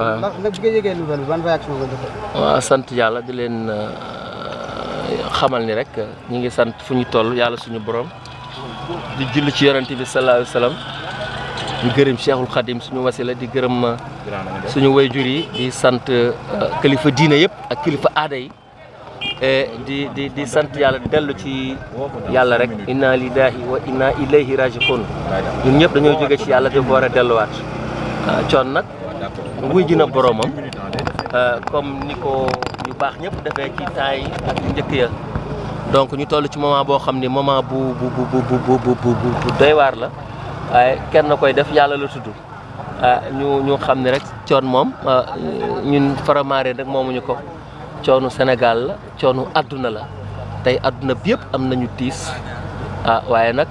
waaw sant yàlla di leen euh, xamal ni rek ñi ngi sant fu ñu toll yàlla suñu boroom di jull ci yonent bi sallallahu alayhi gërëm Cheikhul Khadim suñu wasila di gërëm euh, suñu woy wayjur yi di sant euh, kilifa diine yëpp ak kilifa aada yi di di di sant yàlla dellu ci yàlla rek inna lillahi wa inna ilayhi rajiun ñun ñëpp dañoo jóge ci yàlla te war a delluwaat coon nag wuy ji na boroomam euh, comme ni ko ñu baax ñëpp defee ci taay ak njëkk ya donc ñu toll ci moment boo xam ni moment bu bu bu bu bu bu doy waar la waaye kenn koy def yàlla la tudd ah, ñu xam ne rek coon moom euh, ñun faramaare rek moomuñu ko coonu Sénégal la coonu àdduna la tey àdduna bi yëpp am nañu tiis ah waaye nag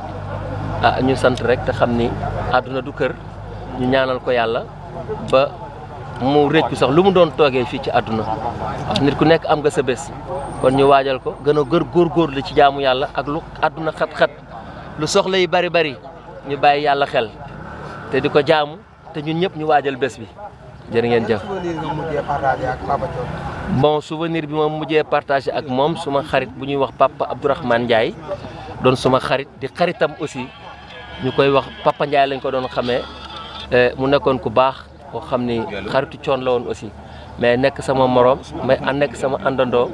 ah ñu sant rek te xam ni àdduna du kër ñu ñaanal ko yàlla ba. mu rëccu sax lu mu doon toogee fii ci àdduna nit ku nekk am nga sa bés kon ñu waajal ko gën a gër góorgóorlu ci jaamu yàlla ak lu àdduna xat-xat lu soxla yi bari bari ñu bàyyi yàlla xel te di ko jaamu te ñun ñëpp ñu waajal bés bi jërë ngeen jëf bon souvenir bi ma mujjee partagé ak moom suma xarit bu ñuy wax papa Abdourahmane Ndiaye doon suma xarit di xaritam aussi ñu koy wax papa Ndiaye lañ ko doon xamee eh, mu nekkoon ku baax koo xam ni xaritu coon la woon aussi mais nekk sama morom may nekk sama àndandoo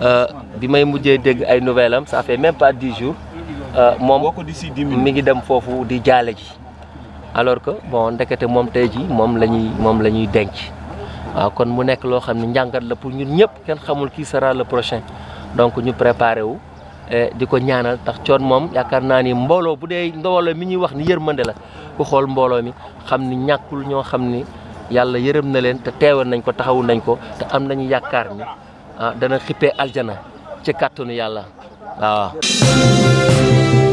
euh, bi may mujjee dégg ay nouvelle am ça fait même pas dix jours euh, moom mi ngi dem foofu di jaale ji alors que bon ndekete moom tey ji moom la ñuy moom la ñuy denc waaw kon mu nekk loo xam ne njàngat la pour ñun ñëpp kenn xamul kii sera le prochain donc ñu préparé Eh, di ko ñaanal tax coon moom yaakaar naa ni mbooloo bu dee mbooloo mi ñuy wax ni yërmande la ku xool mbooloo mi xam ni ñàkkul ñoo xam ni yàlla yërëm na leen te teewal nañ ko taxawu nañ ko te am nañu yaakaar ni ah, dana xippee aljana ci kàttanu yàlla waaw.